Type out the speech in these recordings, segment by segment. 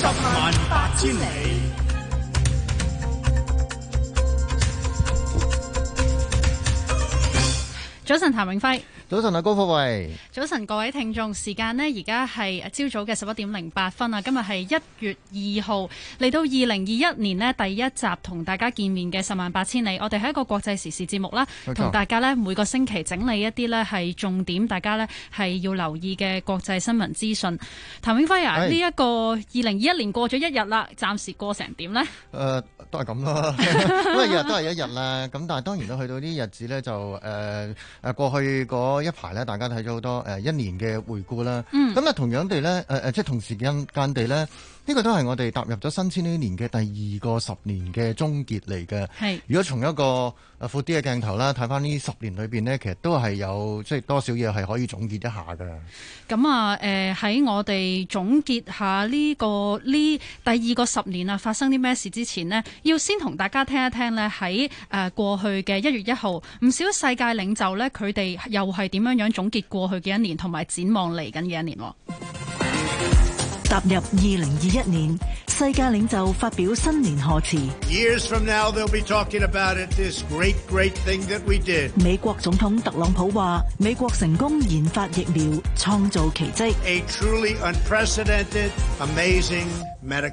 十萬八千里。早晨，譚永輝。早晨啊，高福慧。早晨各位聽眾，時間咧而家係朝早嘅十一點零八分啊，今日係一月二號嚟到二零二一年咧第一集同大家見面嘅十萬八千里。我哋係一個國際時事節目啦，同錯大家咧每個星期整理一啲咧係重點，大家咧係要留意嘅國際新聞資訊。譚永輝啊，呢一、哎、個二零二一年過咗一日啦，暫時過成點咧？誒、呃，都係咁咯， 日都一日都係一日啦。咁但係當然都去到啲日子咧就誒誒、呃、過去嗰。一排咧，大家睇咗好多誒一年嘅回顧啦。嗯，咁啊同樣地咧，誒、呃、誒即係同時間間地咧，呢、呢個都係我哋踏入咗新千禧年嘅第二個十年嘅終結嚟嘅。係，如果從一個誒闊啲嘅鏡頭啦，睇翻呢十年裏邊咧，其實都係有即係多少嘢係可以總結一下嘅。咁啊誒喺、呃、我哋總結下呢、呢個呢、呢個、第二個十年啊發生啲咩事之前咧，要先同大家聽一聽咧喺誒過去嘅一月一號唔少世界領袖咧佢哋又係。點樣樣總結過去嘅一年，同埋展望嚟緊嘅一年。踏入二零二一年，世界領袖發表新年賀詞。Now, it, great, great 美國總統特朗普話：美國成功研發疫苗，創造奇蹟。2020,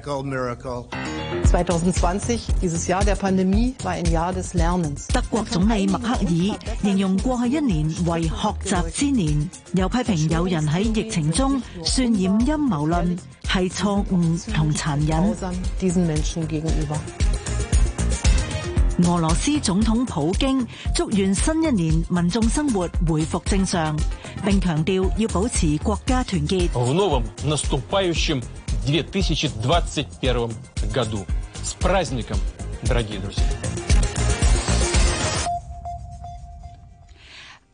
year, 德國總理默克爾形容過去一年為「學習之年」，又批評有人喺疫情中渲染陰謀論。係錯誤同殘忍。俄羅斯總統普京祝願新一年民眾生活恢復正常，並強調要保持國家團結。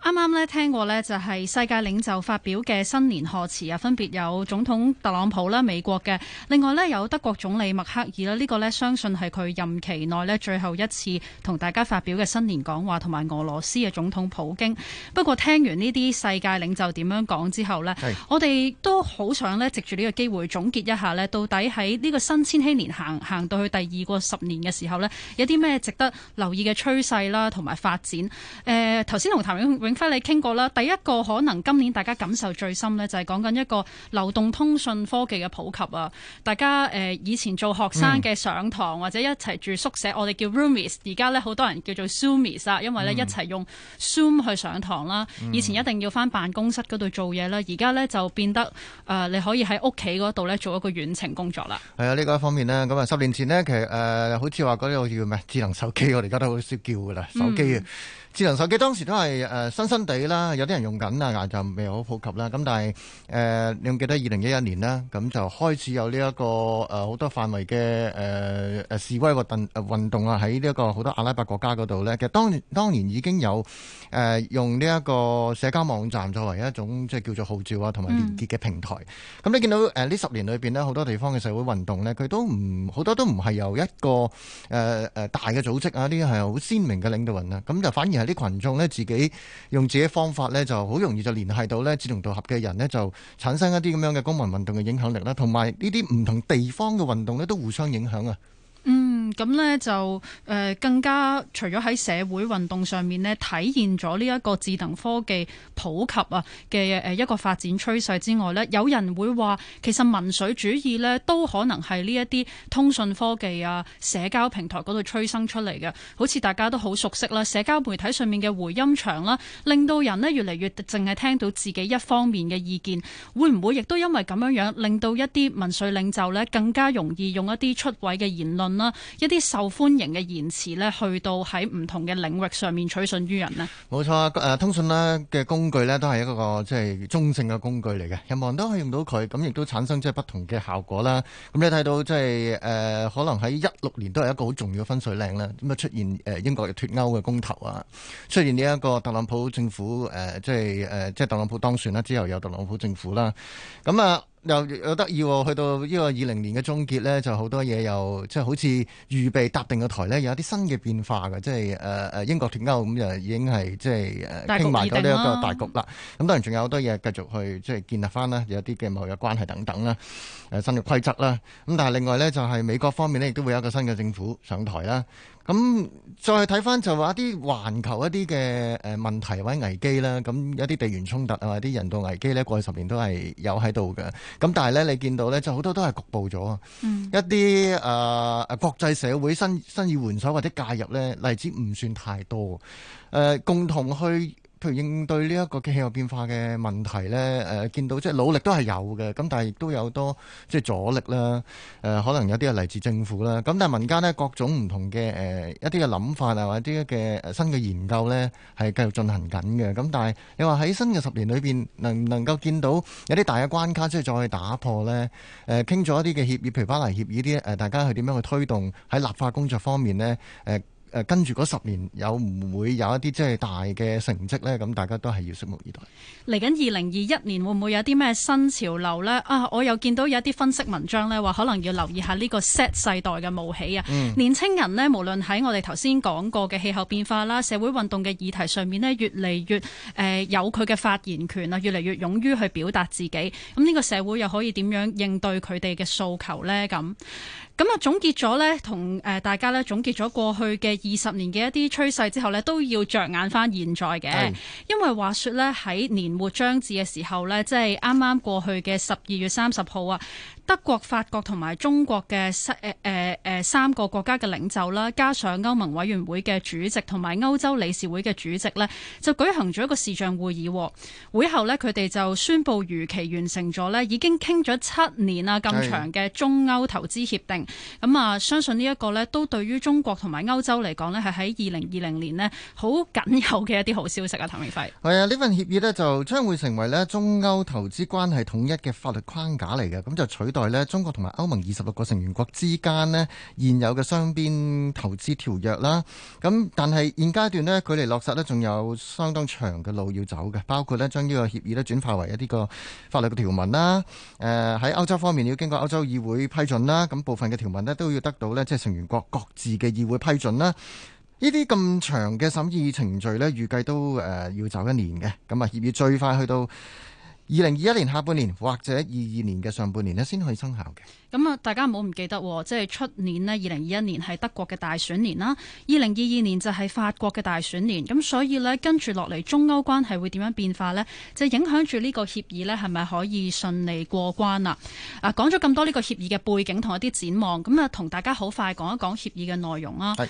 啱啱咧聽過呢就係世界領袖發表嘅新年賀詞啊，分別有總統特朗普啦，美國嘅；另外呢，有德國總理默克爾啦，呢個呢，相信係佢任期內呢，最後一次同大家發表嘅新年講話，同埋俄羅斯嘅總統普京。不過聽完呢啲世界領袖點樣講之後呢，是我哋都好想呢，藉住呢個機會總結一下呢，到底喺呢個新千禧年行行到去第二個十年嘅時候呢，有啲咩值得留意嘅趨勢啦，同埋發展。誒頭先同譚永永。咧你傾過啦，第一個可能今年大家感受最深呢，就係講緊一個流動通訊科技嘅普及啊！大家誒、呃、以前做學生嘅上堂、嗯、或者一齊住宿舍，我哋叫 roomies，而家呢，好多人叫做 zoomies 啊，因為呢一齊用 zoom 去上堂啦。嗯、以前一定要返辦公室嗰度做嘢啦，而家呢就變得誒、呃、你可以喺屋企嗰度呢做一個遠程工作啦。係啊，呢個一方面呢，咁啊十年前呢，其實誒、呃、好似話嗰啲我叫咩智能手機，我哋而家都好少叫㗎喇手機啊。嗯智能手機當時都係誒、呃、新新地啦，有啲人用緊啊，就未好普及啦。咁但係誒、呃、你記唔記得二零一一年呢咁就開始有呢、這、一個誒好、呃、多範圍嘅誒誒示威或動誒、呃、運動啊，喺呢一個好多阿拉伯國家嗰度咧。其實當當然已經有誒、呃、用呢一個社交網站作為一種即係叫做號召啊同埋連結嘅平台。咁、嗯、你見到誒呢、呃、十年裏邊咧，好多地方嘅社會運動咧，佢都唔好多都唔係由一個誒誒、呃、大嘅組織啊啲係好鮮明嘅領導人啊，咁就反而。係啲群眾呢，自己用自己方法呢，就好容易就聯繫到呢志同道合嘅人呢，就產生一啲咁樣嘅公民運動嘅影響力啦。同埋呢啲唔同地方嘅運動呢，都互相影響啊。咁咧、嗯、就、呃、更加除咗喺社會運動上面呢，體現咗呢一個智能科技普及啊嘅呃、一個發展趨勢之外呢，有人會話其實民粹主義呢都可能係呢一啲通訊科技啊、社交平台嗰度催生出嚟嘅，好似大家都好熟悉啦，社交媒體上面嘅回音牆啦，令到人呢越嚟越淨係聽到自己一方面嘅意見，會唔會亦都因為咁樣樣令到一啲民粹領袖呢更加容易用一啲出位嘅言論啦？一啲受歡迎嘅言辭咧，去到喺唔同嘅領域上面取信於人呢。冇錯啊！誒，通訊咧嘅工具咧，都係一個即係中性嘅工具嚟嘅，任何人都可以用到佢，咁亦都產生即係不同嘅效果啦。咁、嗯、你睇到即係誒，可能喺一六年都係一個好重要嘅分水嶺啦。咁啊出現誒英國嘅脱歐嘅公投啊，出現呢一個特朗普政府誒、呃，即係誒、呃、即係特朗普當選啦之後有特朗普政府啦，咁、嗯、啊。又有得意喎，去到呢個二零年嘅終結咧，就多、就是、好多嘢又即係好似預備搭定個台咧，有一啲新嘅變化嘅，即係誒、呃、英國脱歐咁就已經係即係誒傾埋咗呢一個大局啦。咁當然仲有好多嘢繼續去即係建立翻啦，有啲嘅貿易關係等等啦，誒新嘅規則啦。咁但係另外咧就係美國方面咧，亦都會有一個新嘅政府上台啦。咁再睇翻就話一啲環球一啲嘅誒問題或者危機啦，咁一啲地緣衝突啊，或者啲人道危機咧，過去十年都係有喺度嘅。咁但係咧，你見到咧，就好多都係局部咗啊。嗯、一啲誒、呃、國際社會伸、伸出援手或者介入咧，例子唔算太多。誒、呃，共同去。佢應對呢一個嘅氣候變化嘅問題呢，誒、呃、見到即係努力都係有嘅，咁但係亦都有多即係阻力啦。誒、呃、可能有啲係嚟自政府啦，咁但係民間呢，各種唔同嘅誒、呃、一啲嘅諗法啊，或者一啲嘅新嘅研究呢，係繼續進行緊嘅。咁但係你話喺新嘅十年裏邊能唔能夠見到有啲大嘅關卡即係再打破呢？誒傾咗一啲嘅協議，譬如巴黎協議啲誒、呃，大家去點樣去推動喺立法工作方面呢？誒、呃？誒跟住嗰十年有唔會有一啲即係大嘅成績呢？咁大家都係要拭目以待。嚟緊二零二一年會唔會有啲咩新潮流呢？啊，我又見到有一啲分析文章呢，話可能要留意下呢個 Z 世代嘅冒起啊。嗯、年輕人呢，無論喺我哋頭先講過嘅氣候變化啦、社會運動嘅議題上面呢，越嚟越誒有佢嘅發言權啊，越嚟越勇於去表達自己。咁呢個社會又可以點樣應對佢哋嘅訴求呢？咁？咁啊，總結咗咧，同誒大家咧總結咗過去嘅二十年嘅一啲趨勢之後咧，都要着眼翻現在嘅，因為話說咧喺年末將至嘅時候咧，即係啱啱過去嘅十二月三十號啊，德國、法國同埋中國嘅三誒誒三個國家嘅領袖啦，加上歐盟委員會嘅主席同埋歐洲理事會嘅主席咧，就舉行咗一個視像會議，會後咧佢哋就宣布如期完成咗咧，已經傾咗七年啊咁長嘅中歐投資協定。咁啊、嗯，相信這呢一個咧，都對於中國同埋歐洲嚟講咧，係喺二零二零年咧，好緊有嘅一啲好消息啊！譚明輝係啊，呢份協議呢就將會成為呢中歐投資關係統一嘅法律框架嚟嘅，咁就取代呢中國同埋歐盟二十六個成員國之間呢現有嘅雙邊投資條約啦。咁但係現階段呢，距離落實呢仲有相當長嘅路要走嘅，包括呢將呢個協議呢轉化為一啲個法律嘅條文啦。誒、呃，喺歐洲方面要經過歐洲議會批准啦，咁、嗯、部分。嘅條文咧都要得到呢即係成員國各自嘅議會批准啦。呢啲咁長嘅審議程序呢，預計都誒要走一年嘅。咁啊，協議最快去到二零二一年下半年或者二二年嘅上半年呢，先可以生效嘅。咁啊，大家唔好唔記得，即係出年呢，二零二一年係德國嘅大選年啦，二零二二年就係法國嘅大選年。咁所以呢，跟住落嚟，中歐關係會點樣變化呢？就影響住呢個協議呢，係咪可以順利過關啊？啊，講咗咁多呢個協議嘅背景同一啲展望，咁啊，同大家好快講一講協議嘅內容啦。咁啊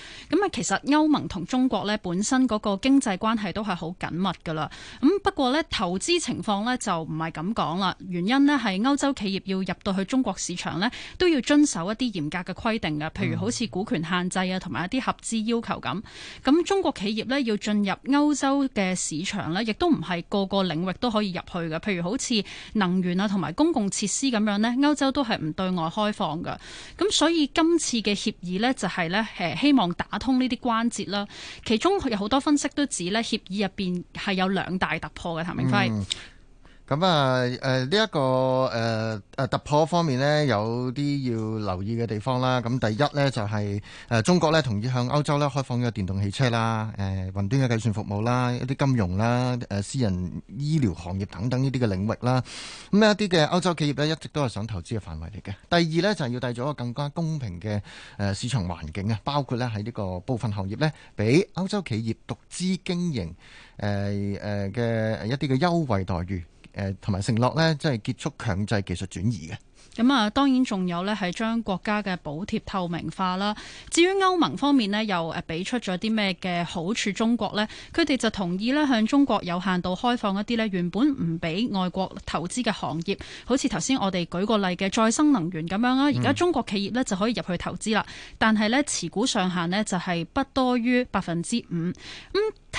是，其實歐盟同中國呢本身嗰個經濟關係都係好緊密噶啦。咁不過呢，投資情況呢就。唔係咁講啦，原因呢係歐洲企業要入到去中國市場呢，都要遵守一啲嚴格嘅規定嘅，譬如好似股權限制啊，同埋一啲合資要求咁。咁中國企業呢，要進入歐洲嘅市場呢，亦都唔係個個領域都可以入去嘅，譬如好似能源啊，同埋公共設施咁樣呢，歐洲都係唔對外開放嘅。咁所以今次嘅協議呢，就係呢希望打通呢啲關節啦。其中有好多分析都指呢，協議入邊係有兩大突破嘅。譚明輝。咁啊，誒呢一個誒突破方面呢，有啲要留意嘅地方啦。咁第一呢，就係誒中國呢同意向歐洲呢開放嘅電動汽車啦、誒雲端嘅計算服務啦、一啲金融啦、誒私人醫療行業等等呢啲嘅領域啦。咁一啲嘅歐洲企業呢，一直都係想投資嘅範圍嚟嘅。第二呢，就係要帶咗一個更加公平嘅誒市場環境啊，包括呢喺呢個部分行業呢，俾歐洲企業獨資經營誒嘅一啲嘅優惠待遇。誒、同埋承諾呢，即係結束強制技術轉移嘅。咁啊，當然仲有呢，係將國家嘅補貼透明化啦。至於歐盟方面呢，又誒俾出咗啲咩嘅好處中國呢？佢哋就同意呢，向中國有限度開放一啲呢原本唔俾外國投資嘅行業，好似頭先我哋舉個例嘅再生能源咁樣啦。而家中國企業呢，就可以入去投資啦，嗯、但係呢，持股上限呢，就係不多於百分之五。咁、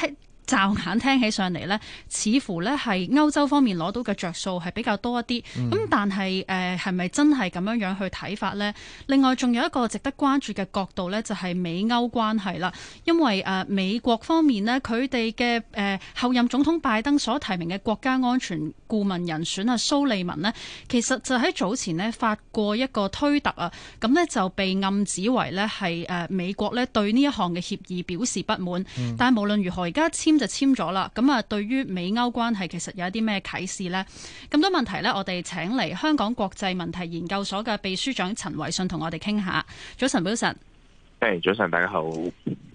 嗯驟眼聽起上嚟呢，似乎呢係歐洲方面攞到嘅着數係比較多一啲。咁、嗯、但係誒係咪真係咁樣樣去睇法呢？另外仲有一個值得關注嘅角度呢，就係美歐關係啦。因為誒、呃、美國方面呢，佢哋嘅誒候任總統拜登所提名嘅國家安全顧問人選啊，蘇利文呢，其實就喺早前呢發過一個推特啊，咁呢就被暗指為呢係誒美國呢對呢一項嘅協議表示不滿。嗯、但係無論如何，而家簽。就簽咗啦，咁啊，對於美歐關係其實有一啲咩啟示呢？咁多問題呢，我哋請嚟香港國際問題研究所嘅秘書長陳偉信同我哋傾下。早晨，hey, 早晨，係早晨，大家好。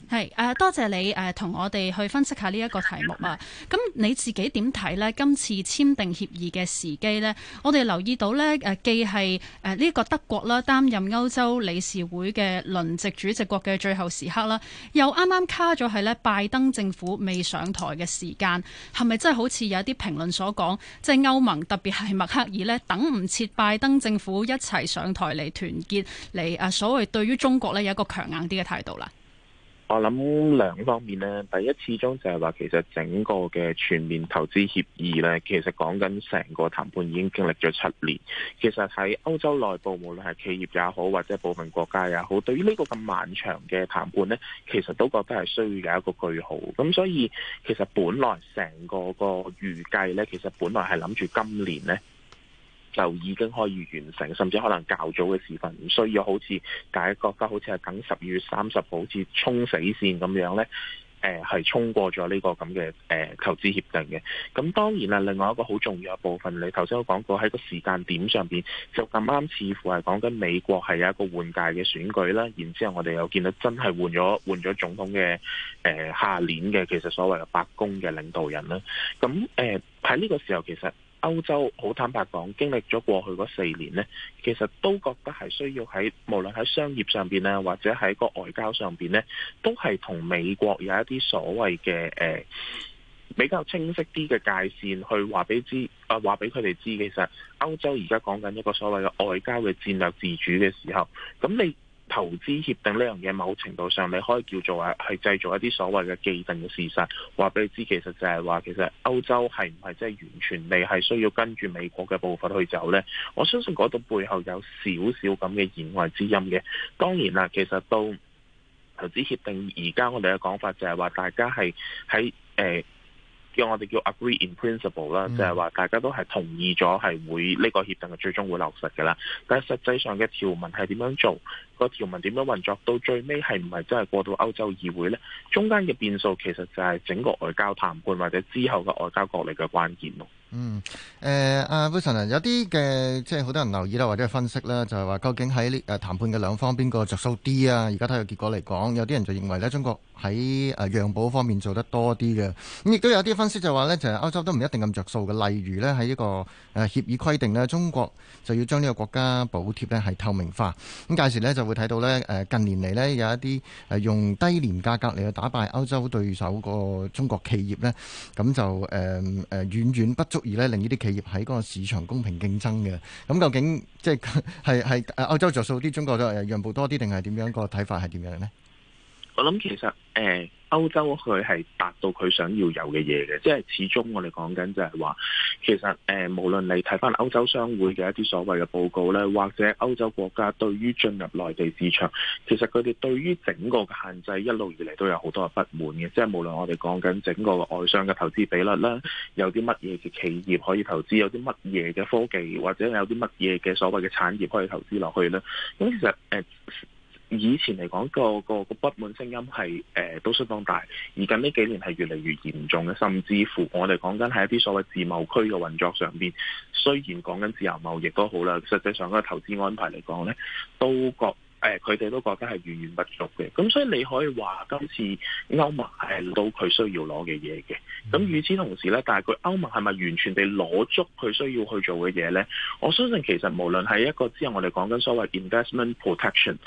係誒、啊，多謝你誒、啊，同我哋去分析下呢一個題目啊。咁你自己點睇呢？今次簽訂協議嘅時機呢，我哋留意到呢，誒、啊，既係誒呢個德國啦，擔任歐洲理事會嘅輪值主席國嘅最後時刻啦，又啱啱卡咗喺呢拜登政府未上台嘅時間，係咪真係好似有一啲評論所講，即係歐盟特別係默克爾呢，等唔切拜登政府一齊上台嚟團結嚟、啊、所謂對於中國呢，有一個強硬啲嘅態度啦？我諗兩方面咧，第一始終就係話其實整個嘅全面投資協議咧，其實講緊成個談判已經經歷咗七年。其實喺歐洲內部，無論係企業也好，或者部分國家也好，對於呢個咁漫長嘅談判咧，其實都覺得係需要有一個句號。咁所以其實本來成個個預計咧，其實本來係諗住今年咧。就已經可以完成，甚至可能較早嘅時份，唔需要好似第一國家好似係等十二月三十號，好似衝死線咁樣呢，誒，係衝過咗呢個咁嘅誒投資協定嘅。咁當然啦，另外一個好重要嘅部分，你頭先都講過喺個時間點上邊，就咁啱似乎係講緊美國係有一個換屆嘅選舉啦。然之後我哋又見到真係換咗換咗總統嘅誒下年嘅，其實所謂嘅白宮嘅領導人啦。咁誒喺呢個時候其實。歐洲好坦白講，經歷咗過去嗰四年呢，其實都覺得係需要喺無論喺商業上邊啊，或者喺個外交上邊呢，都係同美國有一啲所謂嘅誒比較清晰啲嘅界線去，去話俾知啊，話俾佢哋知，其實歐洲而家講緊一個所謂嘅外交嘅戰略自主嘅時候，咁你。投資協定呢樣嘢某程度上，你可以叫做係去製造一啲所謂嘅既定嘅事實。話俾你知，其實就係話，其實歐洲係唔係即係完全未係需要跟住美國嘅步伐去走呢？我相信嗰度背後有少少咁嘅言外之音嘅。當然啦，其實都投資協定而家我哋嘅講法就係話，大家係喺誒。我哋叫 agree in principle 啦，就係話大家都係同意咗係會呢個協定嘅最終會落實嘅啦。但係實際上嘅條文係點樣做？個條文點樣運作？到最尾係唔係真係過到歐洲議會咧？中間嘅變數其實就係整個外交談判或者之後嘅外交角力嘅關鍵咯。嗯，誒、呃，阿 Wilson 啊，有啲嘅即係好多人留意啦，或者分析啦，就係、是、話究竟喺呢誒談判嘅兩方邊個着數啲啊？而家睇個結果嚟講，有啲人就認為咧，中國喺誒讓步方面做得多啲嘅。咁亦都有啲分析就話咧，其、就、實、是、歐洲都唔一定咁着數嘅。例如咧，喺呢個誒、呃、協議規定咧，中國就要將呢個國家補貼咧係透明化。咁屆時咧就會睇到咧，誒、呃、近年嚟咧有一啲誒用低廉價格嚟去打敗歐洲對手的個中國企業咧，咁就誒誒、呃呃、遠遠不足。而呢，令呢啲企業喺嗰個市場公平競爭嘅，咁究竟即係係係歐洲着數啲，中國誒讓步多啲，定係點樣？個睇法係點樣呢？我諗其實誒，呃，歐洲佢係達到佢想要有嘅嘢嘅，即係始終我哋講緊就係話，其實誒、呃，無論你睇返歐洲商會嘅一啲所謂嘅報告咧，或者歐洲國家對於進入內地市場，其實佢哋對於整個嘅限制一路以嚟都有好多嘅不滿嘅，即係無論我哋講緊整個外商嘅投資比率啦，有啲乜嘢嘅企業可以投資，有啲乜嘢嘅科技或者有啲乜嘢嘅所謂嘅產業可以投資落去咧，咁其實誒、呃……以前嚟講個個個不滿聲音係誒、呃、都相當大，而近呢幾年係越嚟越嚴重嘅，甚至乎我哋講緊喺一啲所謂自貿區嘅運作上邊，雖然講緊自由貿易都好啦，實際上個投資安排嚟講呢，都覺誒佢哋都覺得係遠遠不足嘅。咁所以你可以話今次歐盟係攞到佢需要攞嘅嘢嘅，咁與此同時呢，但係佢歐盟係咪完全地攞足佢需要去做嘅嘢呢？我相信其實無論係一個之後我哋講緊所謂 investment protection。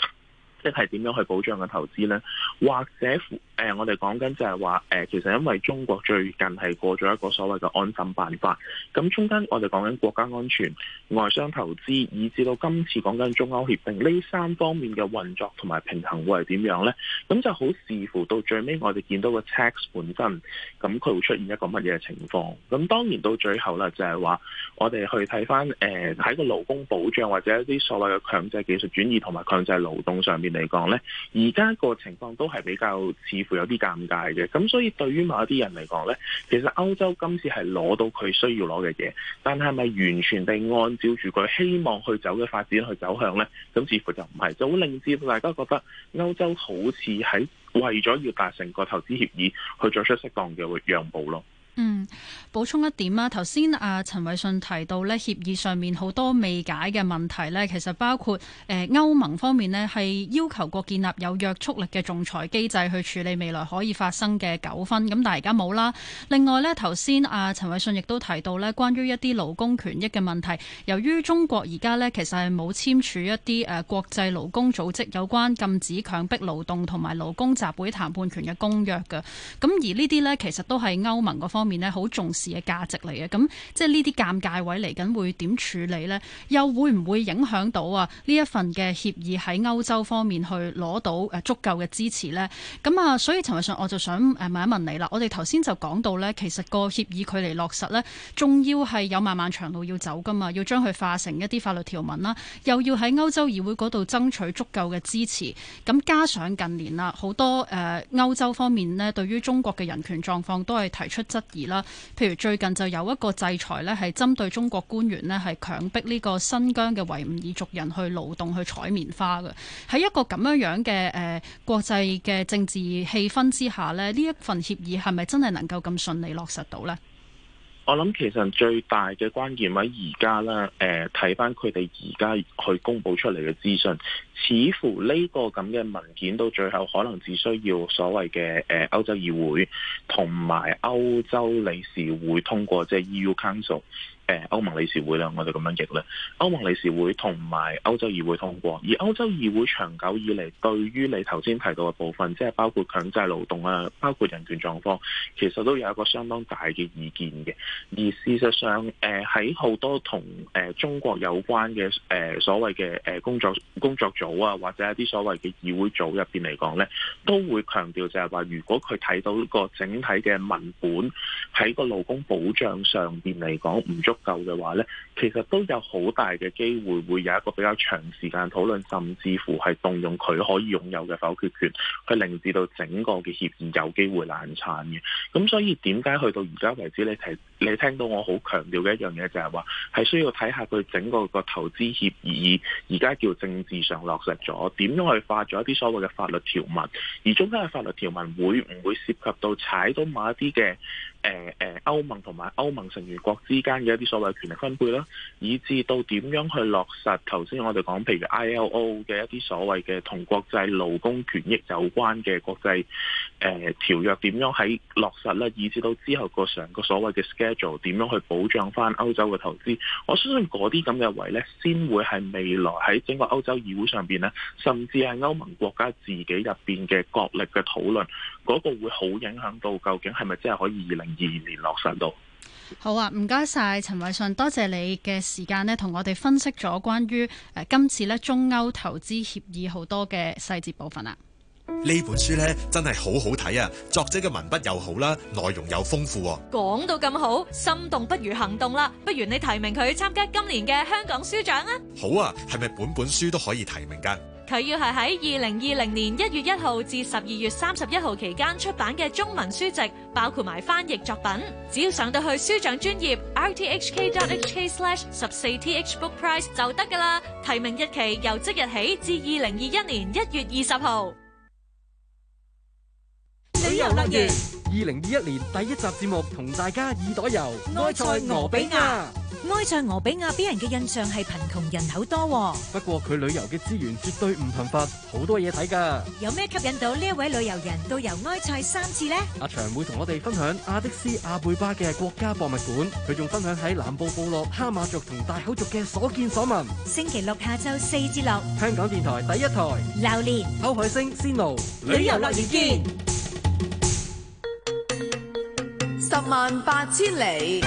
即係點樣去保障嘅投資呢，或者？誒，我哋講緊就係話，誒，其實因為中國最近係過咗一個所謂嘅安審辦法，咁中間我哋講緊國家安全、外商投資，以至到今次講緊中歐協定呢三方面嘅運作同埋平衡會係點樣呢？咁就好視乎到最尾我哋見到嘅 text 本身，咁佢會出現一個乜嘢情況？咁當然到最後咧，就係話我哋去睇翻誒喺個勞工保障或者一啲所謂嘅強制技術轉移同埋強制勞動上面嚟講呢，而家個情況都係比較似。會有啲尷尬嘅，咁所以對於某一啲人嚟講呢，其實歐洲今次係攞到佢需要攞嘅嘢，但係咪完全地按照住佢希望去走嘅發展去走向呢？咁似乎就唔係，就好令至大家覺得歐洲好似喺為咗要達成個投資協議，去作出適當嘅讓步咯。嗯，補充一點啦，頭先阿陳偉信提到咧，協議上面好多未解嘅問題咧，其實包括誒、呃、歐盟方面咧係要求過建立有約束力嘅仲裁機制去處理未來可以發生嘅糾紛，咁但係而家冇啦。另外咧，頭先阿陳偉信亦都提到咧，關於一啲勞工權益嘅問題，由於中國而家咧其實係冇簽署一啲誒、呃、國際勞工組織有關禁止強迫勞動同埋勞工集會談判權嘅公約嘅，咁而這些呢啲咧其實都係歐盟嗰方。方面呢好重視嘅價值嚟嘅，咁即係呢啲尷尬位嚟緊會點處理呢？又會唔會影響到啊？呢一份嘅協議喺歐洲方面去攞到足夠嘅支持呢？咁啊，所以陳慧信，我就想誒問一問你啦。我哋頭先就講到呢，其實個協議佢嚟落實呢，仲要係有漫漫長路要走噶嘛，要將佢化成一啲法律條文啦，又要喺歐洲議會嗰度爭取足夠嘅支持。咁加上近年啦，好多誒歐、呃、洲方面呢，對於中國嘅人權狀況都係提出質。而啦，譬如最近就有一個制裁咧，係針對中國官員咧，係強迫呢個新疆嘅維吾爾族人去勞動去採棉花嘅。喺一個咁樣樣嘅誒國際嘅政治氣氛之下咧，呢一份協議係咪真係能夠咁順利落實到呢？我諗其實最大嘅關鍵位而家咧，誒睇翻佢哋而家去公布出嚟嘅資訊，似乎呢個咁嘅文件到最後可能只需要所謂嘅誒歐洲議會同埋歐洲理事會通過，即係 EU Council。誒歐盟理事會啦，我哋咁樣譯咧。歐盟理事會同埋歐洲議會通過，而歐洲議會長久以嚟對於你頭先提到嘅部分，即係包括強制勞動啊，包括人權狀況，其實都有一個相當大嘅意見嘅。而事實上，誒喺好多同中國有關嘅誒所謂嘅工作工作組啊，或者一啲所謂嘅議會組入邊嚟講呢，都會強調就係話，如果佢睇到個整體嘅文本，喺個勞工保障上面嚟講唔足夠嘅話呢，其實都有好大嘅機會會有一個比較長時間討論，甚至乎係動用佢可以擁有嘅否決權，去令至到整個嘅協議有機會難產嘅。咁所以點解去到而家為止，你提你聽到我好強調嘅一樣嘢，就係話係需要睇下佢整個個投資協議而家叫政治上落實咗，點樣去化咗一啲所謂嘅法律條文，而中間嘅法律條文會唔會涉及到踩到某一啲嘅誒誒、呃呃，歐盟同埋歐盟成員國之間嘅一啲所謂的權力分配啦，以至到點樣去落實頭先我哋講，譬如 ILO 嘅一啲所謂嘅同國際勞工權益有關嘅國際誒、呃、條約點樣喺落實咧，以至到之後個上個所謂嘅 schedule 點樣去保障翻歐洲嘅投資，我相信嗰啲咁嘅位咧，先會係未來喺整個歐洲議會上邊咧，甚至係歐盟國家自己入邊嘅角力嘅討論，嗰、那個會好影響到究竟係咪真係可以二零二年落實到，好啊！唔該晒，陳偉信，多謝你嘅時間咧，同我哋分析咗關於誒、呃、今次咧中歐投資協議好多嘅細節部分啦。呢本書咧真係好好睇啊！作者嘅文筆又好啦，內容又豐富、啊。講到咁好，心動不如行動啦！不如你提名佢參加今年嘅香港書獎啊！好啊，係咪本本書都可以提名噶？佢要係喺二零二零年一月一號至十二月三十一號期間出版嘅中文書籍，包括埋翻譯作品。只要上到去書獎專頁 rthk.hk/slash 十四 thbookprize th 就得噶啦。提名日期由即日起至二零二一年一月二十號。旅遊樂園二零二一年第一集節目同大家耳朵遊埃塞俄比亞。埃塞俄比亞俾人嘅印象係貧窮人口多，不過佢旅遊嘅資源絕對唔貧乏，好多嘢睇噶。有咩吸引到呢一位旅遊人到遊埃塞三次咧？阿祥會同我哋分享阿迪斯阿貝巴嘅國家博物館，佢仲分享喺南部部落哈馬族同大口族嘅所見所聞。星期六下晝四至六，香港電台第一台流年歐海星冼拿旅遊樂園見。十萬八千里，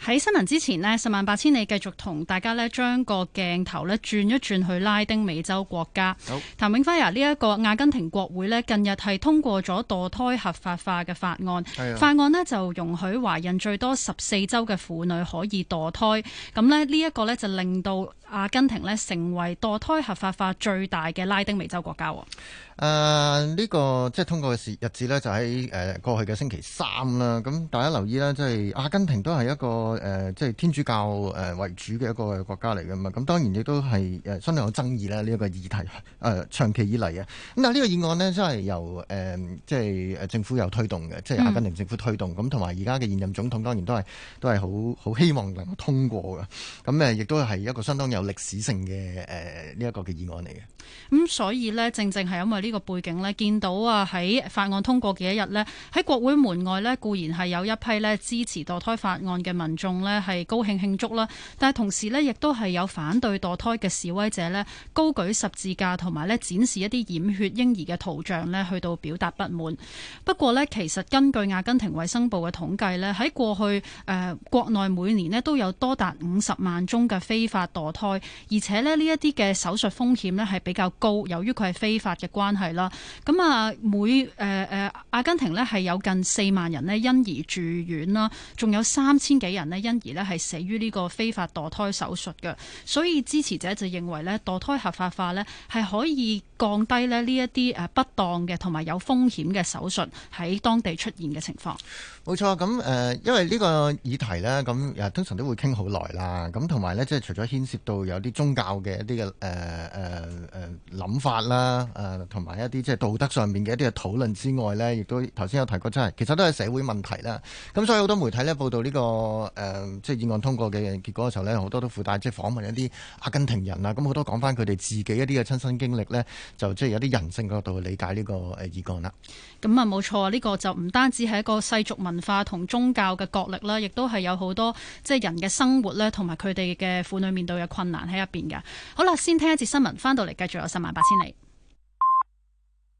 喺新聞之前呢，十萬八千里繼續同大家呢，將個鏡頭呢轉一轉，去拉丁美洲國家。好，譚永輝啊，呢一個阿根廷國會呢近日係通過咗墮胎合法化嘅法案。的法案呢就容許懷孕最多十四週嘅婦女可以墮胎。咁呢呢一個呢就令到。阿根廷咧成為墮胎合法化最大嘅拉丁美洲國家。誒、呃，呢、這個即係通過嘅事日子呢就喺誒過去嘅星期三啦。咁大家留意啦，即係阿根廷都係一個誒，即、呃、係天主教誒為主嘅一個國家嚟嘅嘛。咁當然亦都係有相當有爭議啦，呢、這、一個議題。誒、呃，長期以嚟啊，咁但係呢個議案呢即係由誒，即、呃、係政府有推動嘅，即係阿根廷政府推動。咁同埋而家嘅現任總統當然都係都係好好希望能夠通過嘅。咁誒，亦都係一個相當有歷史性嘅誒呢一個嘅議案嚟嘅。咁、嗯、所以咧，正正係因為呢個背景呢，見到啊，喺法案通過嘅一日呢，喺國會門外呢，固然係有一批咧支持墮胎法案嘅民眾呢係高興慶祝啦，但係同時呢亦都係有反對墮胎嘅示威者呢高舉十字架同埋呢展示一啲染血嬰兒嘅圖像呢去到表達不滿。不過呢，其實根據阿根廷衞生部嘅統計呢，喺過去誒、呃、國內每年呢都有多達五十萬宗嘅非法墮胎，而且呢，呢一啲嘅手術風險呢係比。比較高，由於佢係非法嘅關係啦，咁啊每誒誒、呃，阿根廷呢係有近四萬人呢因而住院啦，仲有三千幾人呢因而呢係死於呢個非法墮胎手術嘅，所以支持者就認為呢墮胎合法化呢係可以。降低呢一啲誒不當嘅同埋有風險嘅手術喺當地出現嘅情況，冇錯。咁誒，因為呢個議題呢，咁誒通常都會傾好耐啦。咁同埋呢，即係除咗牽涉到有啲宗教嘅一啲嘅誒誒誒諗法啦，誒同埋一啲即係道德上面嘅一啲嘅討論之外呢，亦都頭先有提過，真係其實都係社會問題啦。咁所以好多媒體呢、這個，報道呢個誒即係議案通過嘅結果嘅時候呢，好多都附帶即係訪問一啲阿根廷人啊，咁好多講翻佢哋自己一啲嘅親身經歷呢。就即係有啲人性角度去理解呢個議題啦。咁啊，冇錯啊，呢個就唔單止係一個世俗文化同宗教嘅角力啦，亦都係有好多即係人嘅生活咧，同埋佢哋嘅婦女面對嘅困難喺入邊嘅。好啦，先聽一節新聞，翻到嚟繼續有十萬八千里。